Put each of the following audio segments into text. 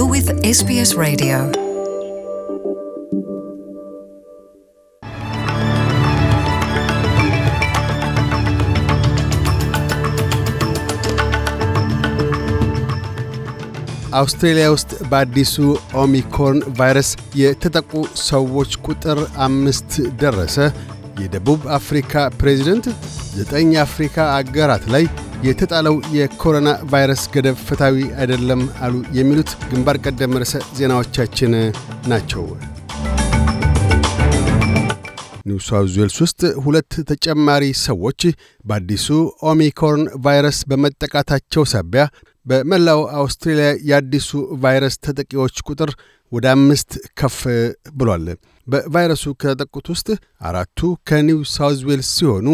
You're with SBS Radio. አውስትሬልያ ውስጥ በአዲሱ ኦሚክሮን ቫይረስ የተጠቁ ሰዎች ቁጥር አምስት ደረሰ። የደቡብ አፍሪካ ፕሬዚደንት ዘጠኝ አፍሪካ አገራት ላይ የተጣለው የኮሮና ቫይረስ ገደብ ፍትሐዊ አይደለም አሉ የሚሉት ግንባር ቀደም ርዕሰ ዜናዎቻችን ናቸው። ኒው ሳውዝ ዌልስ ውስጥ ሁለት ተጨማሪ ሰዎች በአዲሱ ኦሚክሮን ቫይረስ በመጠቃታቸው ሳቢያ በመላው አውስትሬልያ የአዲሱ ቫይረስ ተጠቂዎች ቁጥር ወደ አምስት ከፍ ብሏል። በቫይረሱ ከተጠቁት ውስጥ አራቱ ከኒው ሳውዝ ዌልስ ሲሆኑ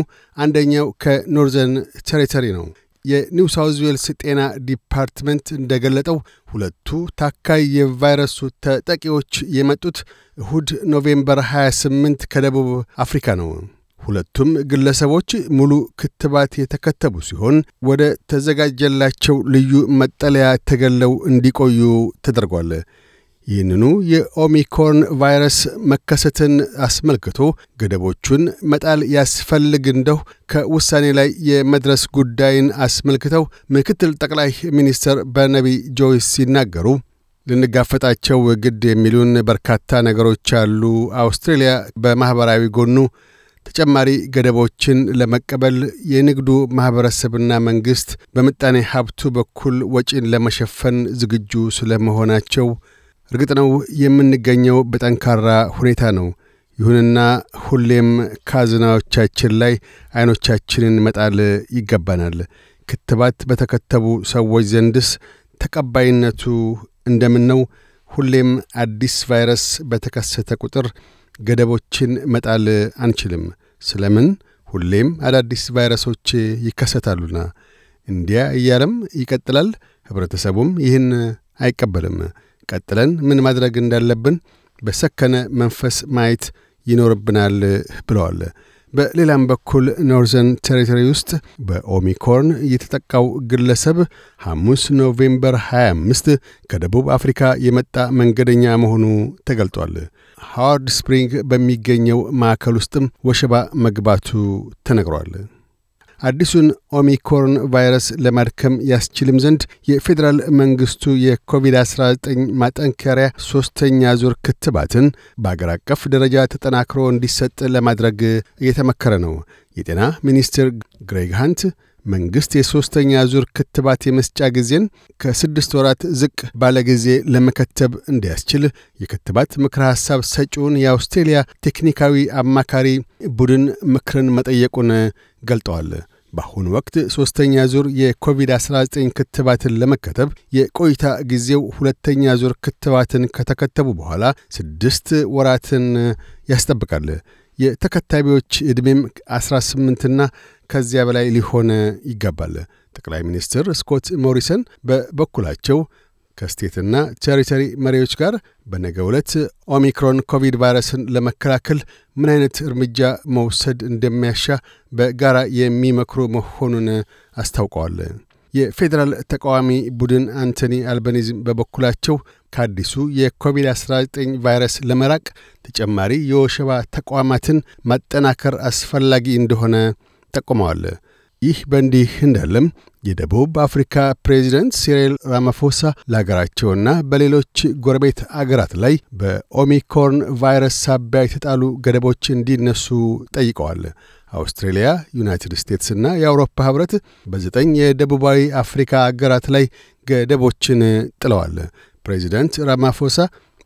አንደኛው ከኖርዘርን ቴሪተሪ ነው። የኒው ሳውዝ ዌልስ ጤና ዲፓርትመንት እንደገለጠው ሁለቱ ታካይ የቫይረሱ ተጠቂዎች የመጡት እሁድ ኖቬምበር 28 ከደቡብ አፍሪካ ነው። ሁለቱም ግለሰቦች ሙሉ ክትባት የተከተቡ ሲሆን ወደ ተዘጋጀላቸው ልዩ መጠለያ ተገለው እንዲቆዩ ተደርጓል። ይህንኑ የኦሚክሮን ቫይረስ መከሰትን አስመልክቶ ገደቦቹን መጣል ያስፈልግ እንደው ከውሳኔ ላይ የመድረስ ጉዳይን አስመልክተው ምክትል ጠቅላይ ሚኒስትር በነቢ ጆይስ ሲናገሩ ልንጋፈጣቸው ግድ የሚሉን በርካታ ነገሮች አሉ። አውስትሬልያ በማኅበራዊ ጎኑ ተጨማሪ ገደቦችን ለመቀበል የንግዱ ማኅበረሰብና መንግሥት በምጣኔ ሀብቱ በኩል ወጪን ለመሸፈን ዝግጁ ስለመሆናቸው እርግጥ ነው የምንገኘው በጠንካራ ሁኔታ ነው። ይሁንና ሁሌም ካዝናዎቻችን ላይ ዐይኖቻችንን መጣል ይገባናል። ክትባት በተከተቡ ሰዎች ዘንድስ ተቀባይነቱ እንደምን ነው? ሁሌም አዲስ ቫይረስ በተከሰተ ቁጥር ገደቦችን መጣል አንችልም። ስለምን? ሁሌም አዳዲስ ቫይረሶች ይከሰታሉና። እንዲያ እያለም ይቀጥላል። ኅብረተሰቡም ይህን አይቀበልም። ቀጥለን ምን ማድረግ እንዳለብን በሰከነ መንፈስ ማየት ይኖርብናል ብለዋል። በሌላም በኩል ኖርዘርን ቴሪቶሪ ውስጥ በኦሚኮርን የተጠቃው ግለሰብ ሐሙስ ኖቬምበር 25 ከደቡብ አፍሪካ የመጣ መንገደኛ መሆኑ ተገልጧል። ሃዋርድ ስፕሪንግ በሚገኘው ማዕከል ውስጥም ወሸባ መግባቱ ተነግሯል። አዲሱን ኦሚክሮን ቫይረስ ለማድከም ያስችልም ዘንድ የፌዴራል መንግስቱ የኮቪድ-19 ማጠንከሪያ ሶስተኛ ዙር ክትባትን በአገር አቀፍ ደረጃ ተጠናክሮ እንዲሰጥ ለማድረግ እየተመከረ ነው። የጤና ሚኒስትር ግሬግ ሃንት መንግሥት የሦስተኛ ዙር ክትባት የመስጫ ጊዜን ከስድስት ወራት ዝቅ ባለ ጊዜ ለመከተብ እንዲያስችል የክትባት ምክረ ሐሳብ ሰጪውን የአውስትሬልያ ቴክኒካዊ አማካሪ ቡድን ምክርን መጠየቁን ገልጠዋል። በአሁኑ ወቅት ሦስተኛ ዙር የኮቪድ-19 ክትባትን ለመከተብ የቆይታ ጊዜው ሁለተኛ ዙር ክትባትን ከተከተቡ በኋላ ስድስት ወራትን ያስጠብቃል። የተከታቢዎች ዕድሜም 18ና ከዚያ በላይ ሊሆን ይገባል። ጠቅላይ ሚኒስትር ስኮት ሞሪሰን በበኩላቸው ከስቴትና ቴሪተሪ መሪዎች ጋር በነገ ዕለት ኦሚክሮን ኮቪድ ቫይረስን ለመከላከል ምን አይነት እርምጃ መውሰድ እንደሚያሻ በጋራ የሚመክሩ መሆኑን አስታውቀዋል። የፌዴራል ተቃዋሚ ቡድን አንቶኒ አልበኒዝም በበኩላቸው ከአዲሱ የኮቪድ-19 ቫይረስ ለመራቅ ተጨማሪ የወሸባ ተቋማትን ማጠናከር አስፈላጊ እንደሆነ ጠቁመዋል። ይህ በእንዲህ እንዳለም የደቡብ አፍሪካ ፕሬዚደንት ሲሪል ራማፎሳ ለአገራቸውና በሌሎች ጎረቤት አገራት ላይ በኦሚክሮን ቫይረስ ሳቢያ የተጣሉ ገደቦች እንዲነሱ ጠይቀዋል። አውስትሬልያ፣ ዩናይትድ እና የአውሮፓ ኅብረት በዘጠኝ የደቡባዊ አፍሪካ አገራት ላይ ገደቦችን ጥለዋል። ፕሬዚዳንት ራማፎሳ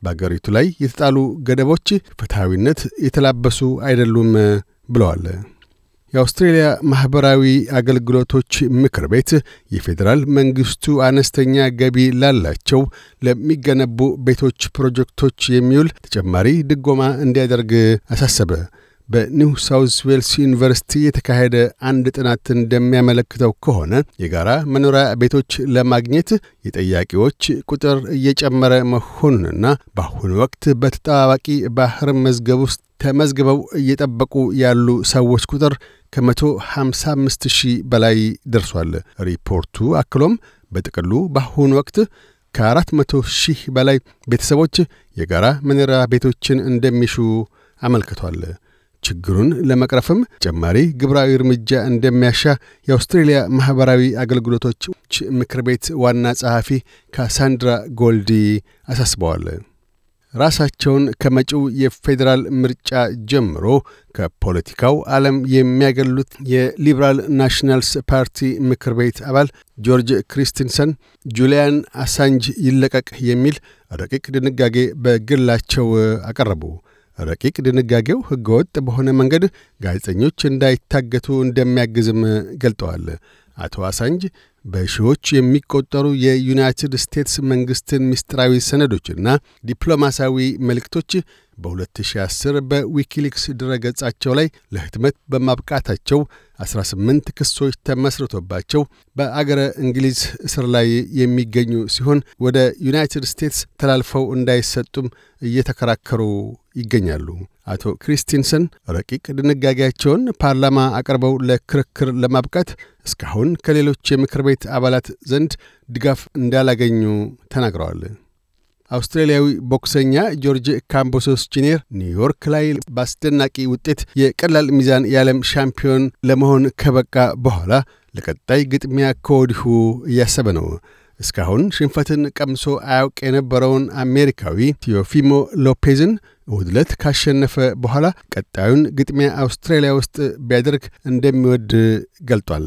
በአገሪቱ ላይ የተጣሉ ገደቦች ፍትሐዊነት የተላበሱ አይደሉም ብለዋል። የአውስትሬልያ ማኅበራዊ አገልግሎቶች ምክር ቤት የፌዴራል መንግሥቱ አነስተኛ ገቢ ላላቸው ለሚገነቡ ቤቶች ፕሮጀክቶች የሚውል ተጨማሪ ድጎማ እንዲያደርግ አሳሰበ። በኒው ሳውዝ ዌልስ ዩኒቨርሲቲ የተካሄደ አንድ ጥናት እንደሚያመለክተው ከሆነ የጋራ መኖሪያ ቤቶች ለማግኘት የጠያቂዎች ቁጥር እየጨመረ መሆኑንና በአሁኑ ወቅት በተጠባባቂ ባህር መዝገብ ውስጥ ተመዝግበው እየጠበቁ ያሉ ሰዎች ቁጥር ከ155 ሺህ በላይ ደርሷል። ሪፖርቱ አክሎም በጥቅሉ በአሁኑ ወቅት ከ400 ሺህ በላይ ቤተሰቦች የጋራ መኖሪያ ቤቶችን እንደሚሹ አመልክቷል። ችግሩን ለመቅረፍም ተጨማሪ ግብራዊ እርምጃ እንደሚያሻ የአውስትሬልያ ማኅበራዊ አገልግሎቶች ምክር ቤት ዋና ጸሐፊ ካሳንድራ ጎልዲ አሳስበዋል። ራሳቸውን ከመጪው የፌዴራል ምርጫ ጀምሮ ከፖለቲካው ዓለም የሚያገሉት የሊብራል ናሽናልስ ፓርቲ ምክር ቤት አባል ጆርጅ ክሪስቲንሰን ጁሊያን አሳንጅ ይለቀቅ የሚል ረቂቅ ድንጋጌ በግላቸው አቀረቡ። ረቂቅ ድንጋጌው ሕገወጥ በሆነ መንገድ ጋዜጠኞች እንዳይታገቱ እንደሚያግዝም ገልጠዋል። አቶ አሳንጅ በሺዎች የሚቆጠሩ የዩናይትድ ስቴትስ መንግሥትን ምስጢራዊ ሰነዶችና ዲፕሎማሲያዊ መልእክቶች በ2010 በዊኪሊክስ ድረገጻቸው ላይ ለህትመት በማብቃታቸው 18 ክሶች ተመስርቶባቸው በአገረ እንግሊዝ እስር ላይ የሚገኙ ሲሆን ወደ ዩናይትድ ስቴትስ ተላልፈው እንዳይሰጡም እየተከራከሩ ይገኛሉ። አቶ ክሪስቲንሰን ረቂቅ ድንጋጌያቸውን ፓርላማ አቅርበው ለክርክር ለማብቃት እስካሁን ከሌሎች የምክር ቤት አባላት ዘንድ ድጋፍ እንዳላገኙ ተናግረዋል። አውስትራሊያዊ ቦክሰኛ ጆርጅ ካምቦሶስ ቺኔር ኒውዮርክ ላይ በአስደናቂ ውጤት የቀላል ሚዛን የዓለም ሻምፒዮን ለመሆን ከበቃ በኋላ ለቀጣይ ግጥሚያ ከወዲሁ እያሰበ ነው። እስካሁን ሽንፈትን ቀምሶ አያውቅ የነበረውን አሜሪካዊ ቲዮፊሞ ሎፔዝን እሁድ ዕለት ካሸነፈ በኋላ ቀጣዩን ግጥሚያ አውስትራሊያ ውስጥ ቢያደርግ እንደሚወድ ገልጧል።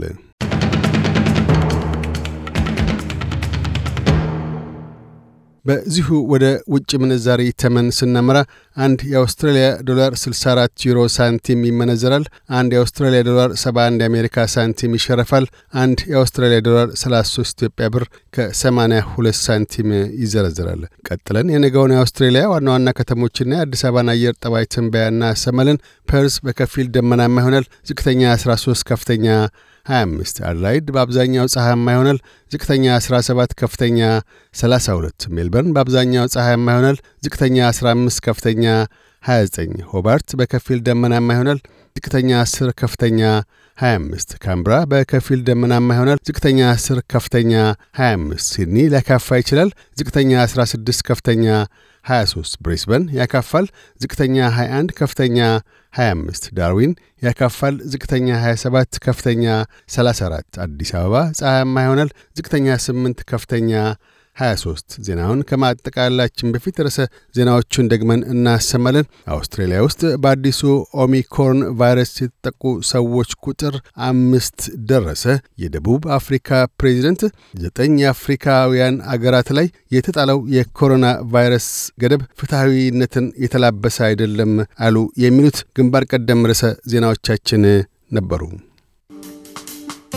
በዚሁ ወደ ውጭ ምንዛሪ ተመን ስናመራ አንድ የአውስትራሊያ ዶላር 64 ዩሮ ሳንቲም ይመነዘራል። አንድ የአውስትራሊያ ዶላር 71 የአሜሪካ ሳንቲም ይሸረፋል። አንድ የአውስትራሊያ ዶላር 33 ኢትዮጵያ ብር ከ82 ሳንቲም ይዘረዝራል። ቀጥለን የነገውን የአውስትሬሊያ ዋና ዋና ከተሞችና የአዲስ አበባን አየር ጠባይ ትንበያና ሰመልን ፐርስ በከፊል ደመናማ ይሆናል። ዝቅተኛ 13 ከፍተኛ 25 አድላይድ በአብዛኛው ፀሐያማ ይሆናል። ዝቅተኛ 17 ከፍተኛ 32። ሜልበርን በአብዛኛው ፀሐያማ ይሆናል። ዝቅተኛ 15 ከፍተኛ 29። ሆባርት በከፊል ደመናማ ይሆናል። ዝቅተኛ 10 ከፍተኛ 25 ካምብራ በከፊል ደመናማ ይሆናል። ዝቅተኛ 10 ከፍተኛ 25 ሲድኒ ሊያካፋ ይችላል። ዝቅተኛ 16 ከፍተኛ 23 ብሬስበን ያካፋል። ዝቅተኛ 21 ከፍተኛ 25 ዳርዊን ያካፋል። ዝቅተኛ 27 ከፍተኛ 34 አዲስ አበባ ፀሐያማ ይሆናል። ዝቅተኛ 8 ከፍተኛ 23 ዜናውን ከማጠቃላችን በፊት ርዕሰ ዜናዎቹን ደግመን እናሰማለን። አውስትራሊያ ውስጥ በአዲሱ ኦሚክሮን ቫይረስ የተጠቁ ሰዎች ቁጥር አምስት ደረሰ። የደቡብ አፍሪካ ፕሬዚደንት ዘጠኝ የአፍሪካውያን አገራት ላይ የተጣለው የኮሮና ቫይረስ ገደብ ፍትሐዊነትን የተላበሰ አይደለም አሉ። የሚሉት ግንባር ቀደም ርዕሰ ዜናዎቻችን ነበሩ።